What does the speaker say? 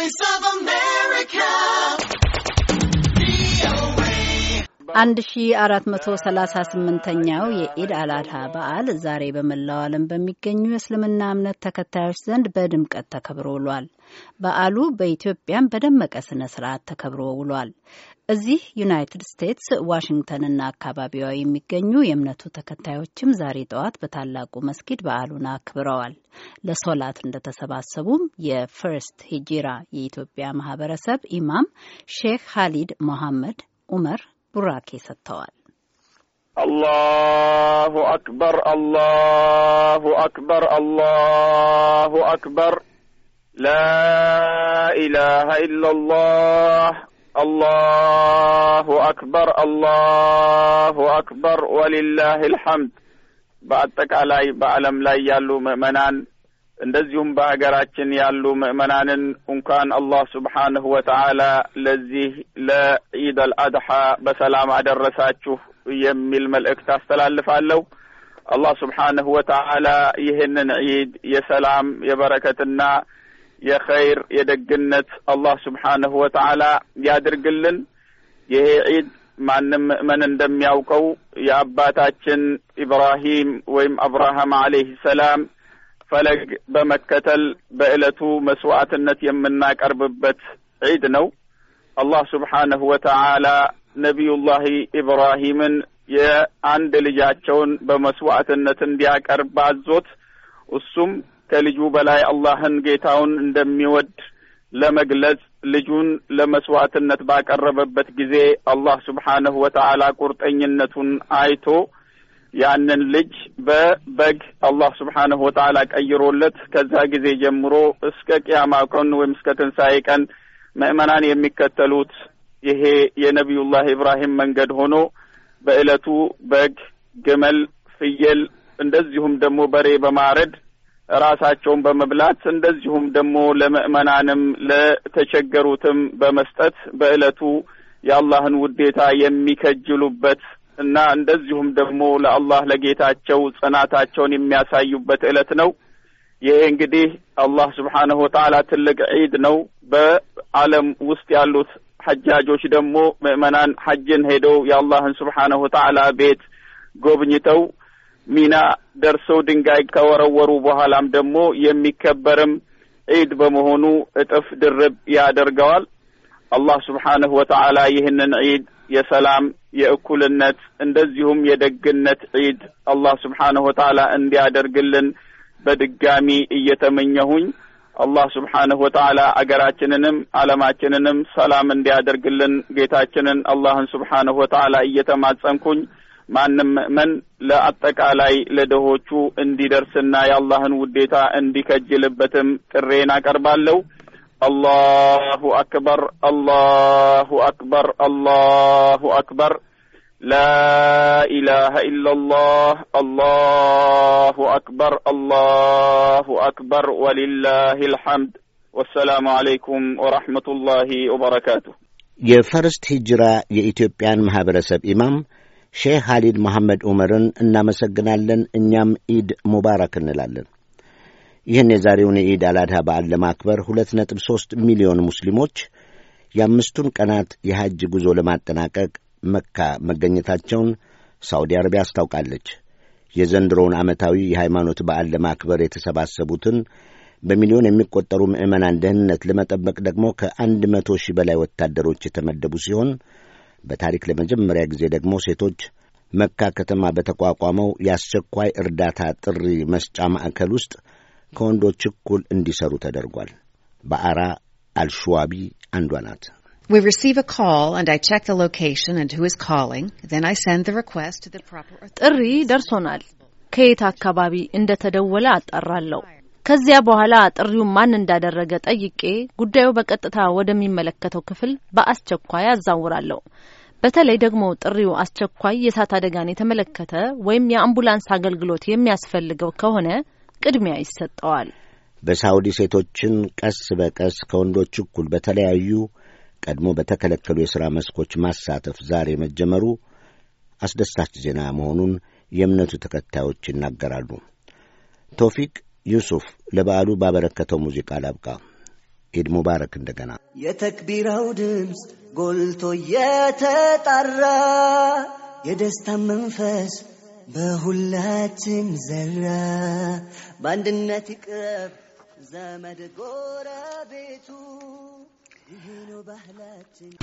Voice of አንድ ሺ4 ሰላሳ ስምንተኛው የኢድ አልአድሃ በዓል ዛሬ በመላው ዓለም በሚገኙ የእስልምና እምነት ተከታዮች ዘንድ በድምቀት ተከብሮ ውሏል። በዓሉ በኢትዮጵያም በደመቀ ስነ ስርዓት ተከብሮ ውሏል። እዚህ ዩናይትድ ስቴትስ ዋሽንግተንና አካባቢዋ የሚገኙ የእምነቱ ተከታዮችም ዛሬ ጠዋት በታላቁ መስጊድ በዓሉን አክብረዋል። ለሶላት እንደተሰባሰቡም የፈርስት ሂጂራ የኢትዮጵያ ማህበረሰብ ኢማም ሼክ ሀሊድ ሞሐመድ ኡመር ቡራኬ ሰጥተዋል። አላሁ አክበር አላሁ አክበር አላሁ አክበር ላኢላሃ ኢለላህ አላሁ አክበር አላሁ አክበር ወሊላሂ ልሐምድ። በአጠቃላይ በዓለም ላይ ያሉ ምዕመናን እንደዚሁም በሀገራችን ያሉ ምዕመናንን እንኳን አላህ ሱብሓነሁ ወተዓላ ለዚህ ለኢድ አልአድሓ በሰላም አደረሳችሁ የሚል መልእክት አስተላልፋለሁ። አላህ ሱብሓነሁ ወተዓላ ይህንን ዒድ የሰላም የበረከትና የኸይር የደግነት አላህ ሱብሓነሁ ወተዓላ ያድርግልን። ይሄ ዒድ ማንም ምእመን እንደሚያውቀው የአባታችን ኢብራሂም ወይም አብርሃም አለይህ ሰላም ፈለግ በመከተል በዕለቱ መስዋዕትነት የምናቀርብበት ዒድ ነው። አላህ ስብሓነሁ ወተዓላ ነቢዩላህ ኢብራሂምን የአንድ ልጃቸውን በመስዋዕትነት እንዲያቀርብ አዞት እሱም ከልጁ በላይ አላህን ጌታውን እንደሚወድ ለመግለጽ ልጁን ለመስዋዕትነት ባቀረበበት ጊዜ አላህ ስብሓነሁ ወተዓላ ቁርጠኝነቱን አይቶ ያንን ልጅ በበግ አላህ ስብሓንሁ ወተዓላ ቀይሮለት ከዛ ጊዜ ጀምሮ እስከ ቅያማ ቀን ወይም እስከ ትንሣኤ ቀን ምእመናን የሚከተሉት ይሄ የነቢዩላህ ኢብራሂም መንገድ ሆኖ በዕለቱ በግ፣ ግመል፣ ፍየል እንደዚሁም ደግሞ በሬ በማረድ ራሳቸውን በመብላት እንደዚሁም ደግሞ ለምእመናንም ለተቸገሩትም በመስጠት በዕለቱ የአላህን ውዴታ የሚከጅሉበት እና እንደዚሁም ደግሞ ለአላህ ለጌታቸው ጽናታቸውን የሚያሳዩበት ዕለት ነው። ይሄ እንግዲህ አላህ ስብሓንሁ ወተዓላ ትልቅ ዒድ ነው። በዓለም ውስጥ ያሉት ሐጃጆች ደግሞ ምእመናን ሐጅን ሄደው የአላህን ስብሓንሁ ወተዓላ ቤት ጎብኝተው ሚና ደርሰው ድንጋይ ከወረወሩ በኋላም ደግሞ የሚከበርም ዒድ በመሆኑ እጥፍ ድርብ ያደርገዋል። አላህ ስብሓንሁ ወተዓላ ይህንን ዒድ የሰላም የእኩልነት እንደዚሁም የደግነት ዒድ አላህ ስብሓንሁ ወተዓላ እንዲያደርግልን በድጋሚ እየተመኘሁኝ አላህ ስብሓንሁ ወተዓላ አገራችንንም ዓለማችንንም ሰላም እንዲያደርግልን ጌታችንን አላህን ስብሓንሁ ወተዓላ እየተማጸንኩኝ ማንም ምእመን ለአጠቃላይ ለደሆቹ እንዲደርስና የአላህን ውዴታ እንዲከጅልበትም ጥሬን አቀርባለሁ። الله أكبر الله أكبر الله أكبر لا إله إلا الله الله أكبر الله أكبر ولله الحمد والسلام عليكم ورحمة الله وبركاته يا يا فرست هجره የፈርስት ሂጅራ የኢትዮጵያን ማኅበረሰብ ኢማም ሼህ ሀሊድ መሐመድ ዑመርን እናመሰግናለን። እኛም ايد ሙባረክ እንላለን። ይህን የዛሬውን የኢድ አላድሃ በዓል ለማክበር ሁለት ነጥብ ሦስት ሚሊዮን ሙስሊሞች የአምስቱን ቀናት የሐጅ ጉዞ ለማጠናቀቅ መካ መገኘታቸውን ሳውዲ አረቢያ አስታውቃለች። የዘንድሮውን ዓመታዊ የሃይማኖት በዓል ለማክበር የተሰባሰቡትን በሚሊዮን የሚቆጠሩ ምዕመናን ደህንነት ለመጠበቅ ደግሞ ከአንድ መቶ ሺህ በላይ ወታደሮች የተመደቡ ሲሆን በታሪክ ለመጀመሪያ ጊዜ ደግሞ ሴቶች መካ ከተማ በተቋቋመው የአስቸኳይ እርዳታ ጥሪ መስጫ ማዕከል ውስጥ ከወንዶች እኩል እንዲሰሩ ተደርጓል። በአራ አልሸዋቢ አንዷ ናት። ጥሪ ደርሶናል። ከየት አካባቢ እንደ ተደወለ አጠራለሁ። ከዚያ በኋላ ጥሪውን ማን እንዳደረገ ጠይቄ ጉዳዩ በቀጥታ ወደሚመለከተው ክፍል በአስቸኳይ አዛውራለሁ። በተለይ ደግሞ ጥሪው አስቸኳይ የእሳት አደጋን የተመለከተ ወይም የአምቡላንስ አገልግሎት የሚያስፈልገው ከሆነ ቅድሚያ ይሰጠዋል። በሳውዲ ሴቶችን ቀስ በቀስ ከወንዶች እኩል በተለያዩ ቀድሞ በተከለከሉ የሥራ መስኮች ማሳተፍ ዛሬ መጀመሩ አስደሳች ዜና መሆኑን የእምነቱ ተከታዮች ይናገራሉ። ቶፊቅ ዩሱፍ ለበዓሉ ባበረከተው ሙዚቃ ላብቃ። ኢድ ሙባረክ። እንደገና የተክቢራው ድምፅ ጎልቶ የተጣራ የደስታ መንፈስ በሁላችን ዘራ በአንድነት ይቅረብ ዘመድ ጎረቤቱ ቤቱ ባህላችን።